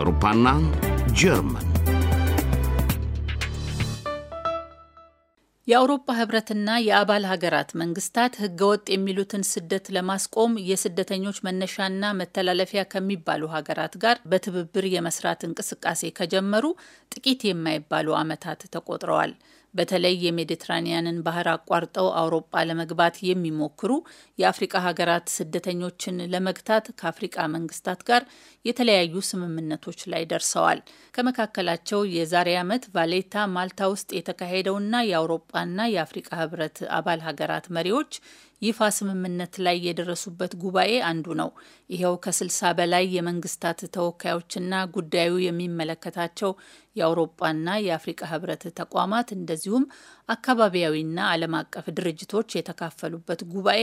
አውሮፓና ጀርመን የአውሮፓ ህብረትና የአባል ሀገራት መንግስታት ህገወጥ የሚሉትን ስደት ለማስቆም የስደተኞች መነሻና መተላለፊያ ከሚባሉ ሀገራት ጋር በትብብር የመስራት እንቅስቃሴ ከጀመሩ ጥቂት የማይባሉ ዓመታት ተቆጥረዋል። በተለይ የሜዲትራኒያንን ባህር አቋርጠው አውሮጳ ለመግባት የሚሞክሩ የአፍሪቃ ሀገራት ስደተኞችን ለመግታት ከአፍሪቃ መንግስታት ጋር የተለያዩ ስምምነቶች ላይ ደርሰዋል። ከመካከላቸው የዛሬ ዓመት ቫሌታ ማልታ ውስጥ የተካሄደውና የአውሮጳና የአፍሪቃ ህብረት አባል ሀገራት መሪዎች ይፋ ስምምነት ላይ የደረሱበት ጉባኤ አንዱ ነው። ይኸው ከስልሳ በላይ የመንግስታት ተወካዮችና ጉዳዩ የሚመለከታቸው የአውሮጳና የአፍሪቃ ህብረት ተቋማት እንደዚሁም አካባቢያዊና ዓለም አቀፍ ድርጅቶች የተካፈሉበት ጉባኤ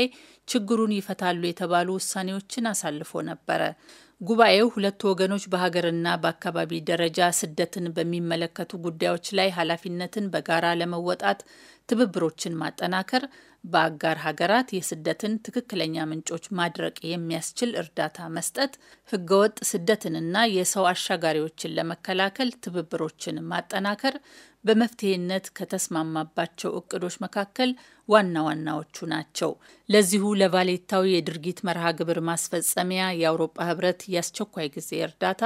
ችግሩን ይፈታሉ የተባሉ ውሳኔዎችን አሳልፎ ነበረ። ጉባኤው ሁለቱ ወገኖች በሀገርና በአካባቢ ደረጃ ስደትን በሚመለከቱ ጉዳዮች ላይ ኃላፊነትን በጋራ ለመወጣት ትብብሮችን ማጠናከር በአጋር ሀገራት የስደትን ትክክለኛ ምንጮች ማድረቅ የሚያስችል እርዳታ መስጠት፣ ህገወጥ ስደትንና የሰው አሻጋሪዎችን ለመከላከል ትብብሮችን ማጠናከር በመፍትሄነት ከተስማማባቸው እቅዶች መካከል ዋና ዋናዎቹ ናቸው። ለዚሁ ለቫሌታዊ የድርጊት መርሃ ግብር ማስፈጸሚያ የአውሮፓ ህብረት የአስቸኳይ ጊዜ እርዳታ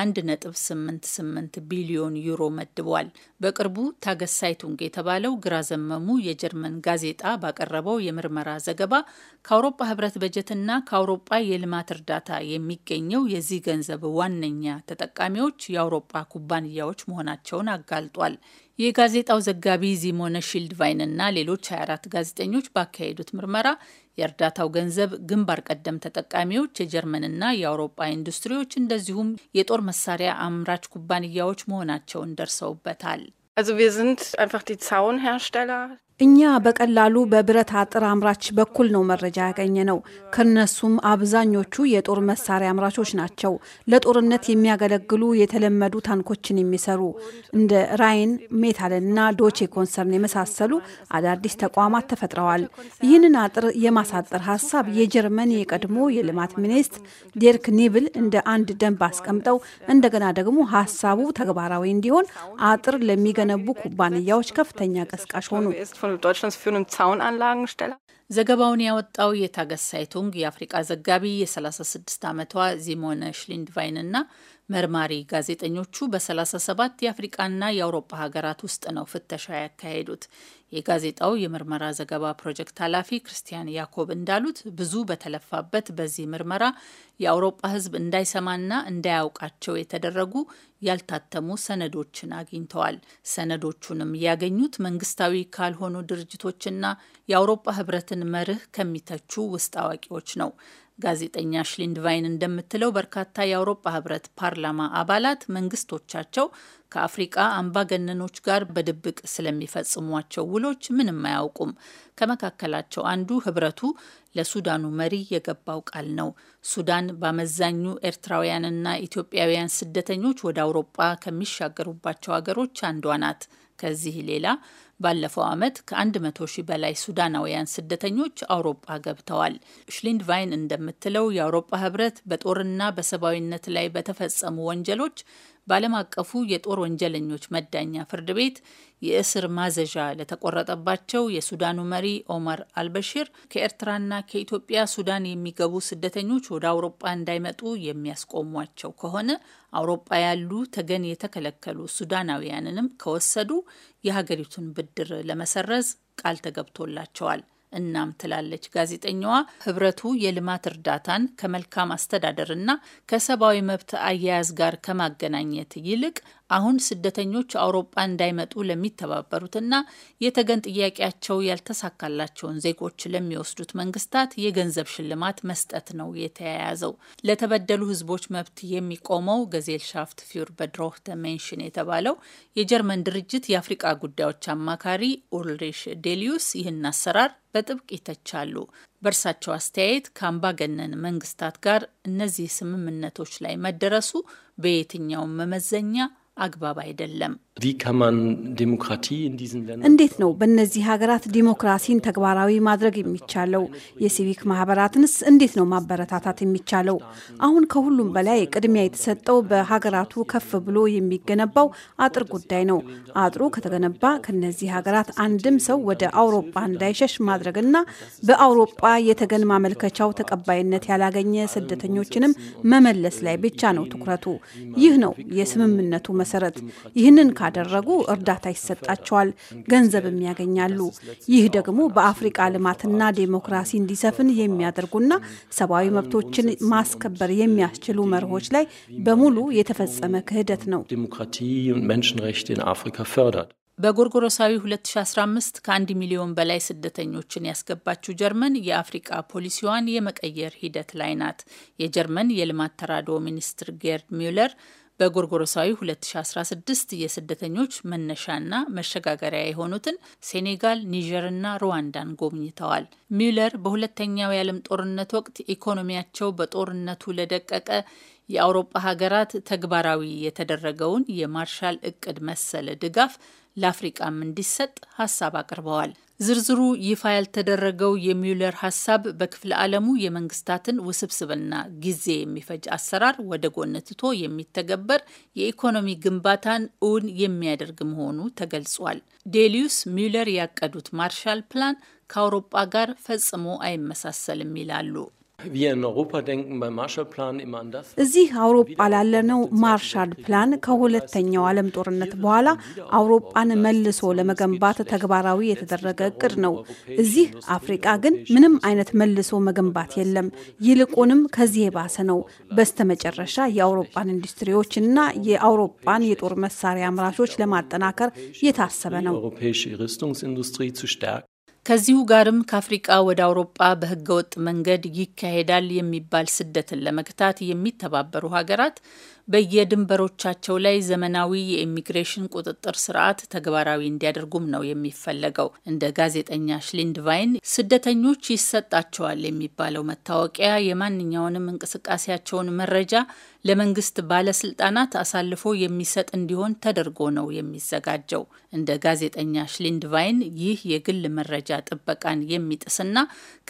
1.88 ቢሊዮን ዩሮ መድቧል። በቅርቡ ታገሳይቱንግ የተባለው ግራ ዘመሙ የጀርመን ጋዜጣ ባቀረበው የምርመራ ዘገባ ከአውሮፓ ህብረት በጀትና ከአውሮፓ የልማት እርዳታ የሚገኘው የዚህ ገንዘብ ዋነኛ ተጠቃሚዎች የአውሮፓ ኩባንያዎች መሆናቸውን አጋልጧል። የጋዜጣው ዘጋቢ ዚሞነ ሺልድቫይን ቫይንና ሌሎች 24 ጋዜጠኞች ባካሄዱት ምርመራ የእርዳታው ገንዘብ ግንባር ቀደም ተጠቃሚዎች የጀርመንና የአውሮጳ ኢንዱስትሪዎች እንደዚሁም የጦር መሳሪያ አምራች ኩባንያዎች መሆናቸውን ደርሰውበታል። Also wir sind einfach die Zaunhersteller እኛ በቀላሉ በብረት አጥር አምራች በኩል ነው መረጃ ያገኘ ነው። ከነሱም አብዛኞቹ የጦር መሳሪያ አምራቾች ናቸው። ለጦርነት የሚያገለግሉ የተለመዱ ታንኮችን የሚሰሩ እንደ ራይን እና ዶቼ ኮንሰርን የመሳሰሉ አዳዲስ ተቋማት ተፈጥረዋል። ይህንን አጥር የማሳጠር ሀሳብ የጀርመን የቀድሞ የልማት ሚኒስትር ዴርክ ኒብል እንደ አንድ ደንብ አስቀምጠው እንደገና ደግሞ ሀሳቡ ተግባራዊ እንዲሆን አጥር ለሚገነቡ ኩባንያዎች ከፍተኛ ቀስቃሽ ሆኑ። Deutschlands führenden Zaunanlagensteller. ዘገባውን ያወጣው የታገስ ሳይቱንግ የአፍሪቃ ዘጋቢ የ36 ዓመቷ ዚሞነ ሽሊንድቫይን ሽሊንድቫይንና መርማሪ ጋዜጠኞቹ በ37 የአፍሪቃና የአውሮፓ ሀገራት ውስጥ ነው ፍተሻ ያካሄዱት። የጋዜጣው የምርመራ ዘገባ ፕሮጀክት ኃላፊ ክርስቲያን ያኮብ እንዳሉት ብዙ በተለፋበት በዚህ ምርመራ የአውሮፓ ሕዝብ እንዳይሰማና እንዳያውቃቸው የተደረጉ ያልታተሙ ሰነዶችን አግኝተዋል። ሰነዶቹንም ያገኙት መንግስታዊ ካልሆኑ ድርጅቶችና የአውሮፓ ሕብረትን መርህ ከሚተቹ ውስጥ አዋቂዎች ነው። ጋዜጠኛ ሽሊንድቫይን እንደምትለው በርካታ የአውሮፓ ህብረት ፓርላማ አባላት መንግስቶቻቸው ከአፍሪቃ አምባገነኖች ጋር በድብቅ ስለሚፈጽሟቸው ውሎች ምንም አያውቁም። ከመካከላቸው አንዱ ህብረቱ ለሱዳኑ መሪ የገባው ቃል ነው። ሱዳን በአመዛኙ ኤርትራውያንና ኢትዮጵያውያን ስደተኞች ወደ አውሮፓ ከሚሻገሩባቸው ሀገሮች አንዷ ናት። ከዚህ ሌላ ባለፈው ዓመት ከ100 ሺህ በላይ ሱዳናውያን ስደተኞች አውሮጳ ገብተዋል። ሽሊንድ ቫይን እንደምትለው የአውሮጳ ህብረት በጦርና በሰብአዊነት ላይ በተፈጸሙ ወንጀሎች በዓለም አቀፉ የጦር ወንጀለኞች መዳኛ ፍርድ ቤት የእስር ማዘዣ ለተቆረጠባቸው የሱዳኑ መሪ ኦመር አልበሺር ከኤርትራና ከኢትዮጵያ ሱዳን የሚገቡ ስደተኞች ወደ አውሮጳ እንዳይመጡ የሚያስቆሟቸው ከሆነ አውሮጳ ያሉ ተገን የተከለከሉ ሱዳናውያንንም ከወሰዱ የሀገሪቱን ብድር ለመሰረዝ ቃል ተገብቶላቸዋል። እናም ትላለች ጋዜጠኛዋ፣ ህብረቱ የልማት እርዳታን ከመልካም አስተዳደርና ከሰብአዊ መብት አያያዝ ጋር ከማገናኘት ይልቅ አሁን ስደተኞች አውሮፓ እንዳይመጡ ለሚተባበሩትና የተገን ጥያቄያቸው ያልተሳካላቸውን ዜጎች ለሚወስዱት መንግስታት የገንዘብ ሽልማት መስጠት ነው የተያያዘው። ለተበደሉ ህዝቦች መብት የሚቆመው ሻፍት ፊር በድሮህተ ሜንሽን የተባለው የጀርመን ድርጅት የአፍሪቃ ጉዳዮች አማካሪ ኡልሪሽ ዴሊዩስ ይህን አሰራር በጥብቅ ይተቻሉ። በእርሳቸው አስተያየት ከአምባገነን መንግስታት ጋር እነዚህ ስምምነቶች ላይ መደረሱ በየትኛውም መመዘኛ አግባብ አይደለም። እንዴት ነው በእነዚህ ሀገራት ዲሞክራሲን ተግባራዊ ማድረግ የሚቻለው? የሲቪክ ማህበራትንስ እንዴት ነው ማበረታታት የሚቻለው? አሁን ከሁሉም በላይ ቅድሚያ የተሰጠው በሀገራቱ ከፍ ብሎ የሚገነባው አጥር ጉዳይ ነው። አጥሩ ከተገነባ ከነዚህ ሀገራት አንድም ሰው ወደ አውሮፓ እንዳይሸሽ ማድረግና በአውሮፓ የተገን ማመልከቻው ተቀባይነት ያላገኘ ስደተኞችንም መመለስ ላይ ብቻ ነው ትኩረቱ። ይህ ነው የስምምነቱ መሰረት። ይህንን ካደረጉ እርዳታ ይሰጣቸዋል፣ ገንዘብም ያገኛሉ። ይህ ደግሞ በአፍሪቃ ልማትና ዴሞክራሲ እንዲሰፍን የሚያደርጉና ሰብአዊ መብቶችን ማስከበር የሚያስችሉ መርሆች ላይ በሙሉ የተፈጸመ ክህደት ነው። በጎርጎሮሳዊ 2015 ከአንድ ሚሊዮን በላይ ስደተኞችን ያስገባችው ጀርመን የአፍሪቃ ፖሊሲዋን የመቀየር ሂደት ላይ ናት። የጀርመን የልማት ተራድኦ ሚኒስትር ጌርድ ሚውለር በጎርጎሮሳዊ 2016 የስደተኞች መነሻና መሸጋገሪያ የሆኑትን ሴኔጋል፣ ኒጀርና ሩዋንዳን ጎብኝተዋል። ሚለር በሁለተኛው የዓለም ጦርነት ወቅት ኢኮኖሚያቸው በጦርነቱ ለደቀቀ የአውሮፓ ሀገራት ተግባራዊ የተደረገውን የማርሻል እቅድ መሰለ ድጋፍ ለአፍሪቃም እንዲሰጥ ሀሳብ አቅርበዋል። ዝርዝሩ ይፋ ያልተደረገው የሚውለር ሀሳብ በክፍለ ዓለሙ የመንግስታትን ውስብስብና ጊዜ የሚፈጅ አሰራር ወደ ጎን ትቶ የሚተገበር የኢኮኖሚ ግንባታን እውን የሚያደርግ መሆኑ ተገልጿል። ዴሊዩስ ሚውለር ያቀዱት ማርሻል ፕላን ከአውሮጳ ጋር ፈጽሞ አይመሳሰልም ይላሉ። እዚህ አውሮፓ ላለነው ማርሻል ፕላን ከሁለተኛው ዓለም ጦርነት በኋላ አውሮፓን መልሶ ለመገንባት ተግባራዊ የተደረገ እቅድ ነው። እዚህ አፍሪቃ ግን ምንም አይነት መልሶ መገንባት የለም። ይልቁንም ከዚህ የባሰ ነው። በስተመጨረሻ የአውሮፓን ኢንዱስትሪዎች እና የአውሮፓን የጦር መሳሪያ አምራቾች ለማጠናከር የታሰበ ነው። ከዚሁ ጋርም ከአፍሪቃ ወደ አውሮጳ በህገወጥ መንገድ ይካሄዳል የሚባል ስደትን ለመግታት የሚተባበሩ ሀገራት በየድንበሮቻቸው ላይ ዘመናዊ የኢሚግሬሽን ቁጥጥር ስርዓት ተግባራዊ እንዲያደርጉም ነው የሚፈለገው። እንደ ጋዜጠኛ ሽሊንድቫይን ስደተኞች ይሰጣቸዋል የሚባለው መታወቂያ የማንኛውንም እንቅስቃሴያቸውን መረጃ ለመንግስት ባለስልጣናት አሳልፎ የሚሰጥ እንዲሆን ተደርጎ ነው የሚዘጋጀው። እንደ ጋዜጠኛ ሽሊንድቫይን ይህ የግል መረጃ ጥበቃን የሚጥስና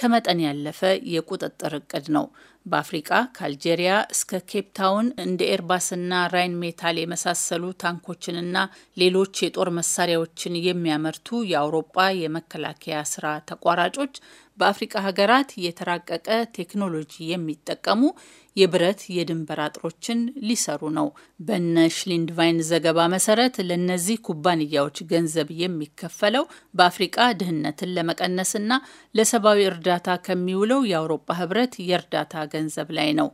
ከመጠን ያለፈ የቁጥጥር እቅድ ነው። በአፍሪቃ ከአልጄሪያ እስከ ኬፕታውን እንደ ኤርባስና ራይን ሜታል የመሳሰሉ ታንኮችንና ሌሎች የጦር መሳሪያዎችን የሚያመርቱ የአውሮጳ የመከላከያ ስራ ተቋራጮች በአፍሪቃ ሀገራት የተራቀቀ ቴክኖሎጂ የሚጠቀሙ የብረት የድንበር አጥሮችን ሊሰሩ ነው። በነ ሽሊንድቫይን ዘገባ መሰረት ለእነዚህ ኩባንያዎች ገንዘብ የሚከፈለው በአፍሪቃ ድህነትን ለመቀነስና ለሰብአዊ እርዳታ ከሚውለው የአውሮፓ ህብረት የእርዳታ ገንዘብ ላይ ነው።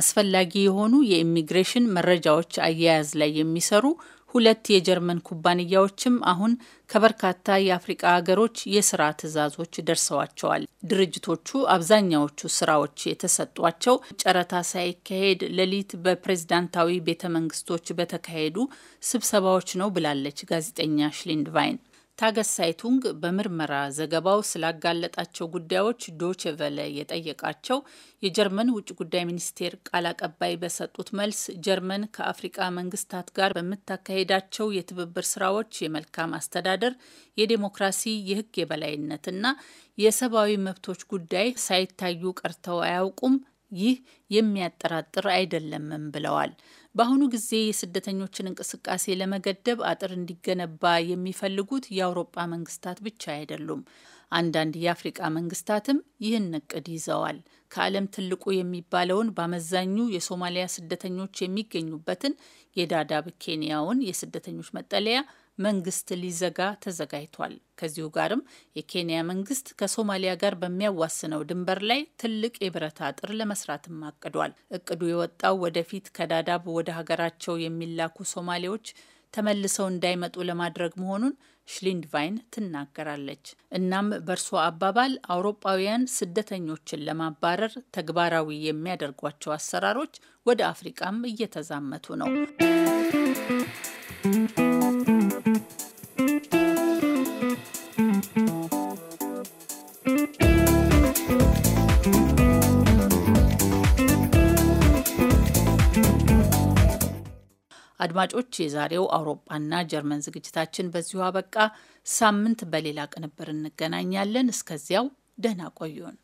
አስፈላጊ የሆኑ የኢሚግሬሽን መረጃዎች አያያዝ ላይ የሚሰሩ ሁለት የጀርመን ኩባንያዎችም አሁን ከበርካታ የአፍሪቃ ሀገሮች የስራ ትዕዛዞች ደርሰዋቸዋል። ድርጅቶቹ አብዛኛዎቹ ስራዎች የተሰጧቸው ጨረታ ሳይካሄድ ሌሊት በፕሬዝዳንታዊ ቤተ መንግስቶች በተካሄዱ ስብሰባዎች ነው ብላለች ጋዜጠኛ ሽሊንድቫይን። ታገሳይቱንግ በምርመራ ዘገባው ስላጋለጣቸው ጉዳዮች ዶቼ ቨለ የጠየቃቸው የጀርመን ውጭ ጉዳይ ሚኒስቴር ቃል አቀባይ በሰጡት መልስ ጀርመን ከአፍሪቃ መንግስታት ጋር በምታካሄዳቸው የትብብር ስራዎች የመልካም አስተዳደር፣ የዴሞክራሲ፣ የህግ የበላይነትና የሰብአዊ መብቶች ጉዳይ ሳይታዩ ቀርተው አያውቁም። ይህ የሚያጠራጥር አይደለምም ብለዋል። በአሁኑ ጊዜ የስደተኞችን እንቅስቃሴ ለመገደብ አጥር እንዲገነባ የሚፈልጉት የአውሮጳ መንግስታት ብቻ አይደሉም። አንዳንድ የአፍሪቃ መንግስታትም ይህን እቅድ ይዘዋል። ከዓለም ትልቁ የሚባለውን በአመዛኙ የሶማሊያ ስደተኞች የሚገኙበትን የዳዳብ ኬንያውን የስደተኞች መጠለያ መንግስት ሊዘጋ ተዘጋጅቷል። ከዚሁ ጋርም የኬንያ መንግስት ከሶማሊያ ጋር በሚያዋስነው ድንበር ላይ ትልቅ የብረት አጥር ለመስራትም አቅዷል። እቅዱ የወጣው ወደፊት ከዳዳብ ወደ ሀገራቸው የሚላኩ ሶማሌዎች ተመልሰው እንዳይመጡ ለማድረግ መሆኑን ሽሊንድቫይን ትናገራለች። እናም በእርሶ አባባል አውሮፓውያን ስደተኞችን ለማባረር ተግባራዊ የሚያደርጓቸው አሰራሮች ወደ አፍሪቃም እየተዛመቱ ነው። አድማጮች፣ የዛሬው አውሮፓና ጀርመን ዝግጅታችን በዚሁ አበቃ። ሳምንት በሌላ ቅንብር እንገናኛለን። እስከዚያው ደህና ቆዩን።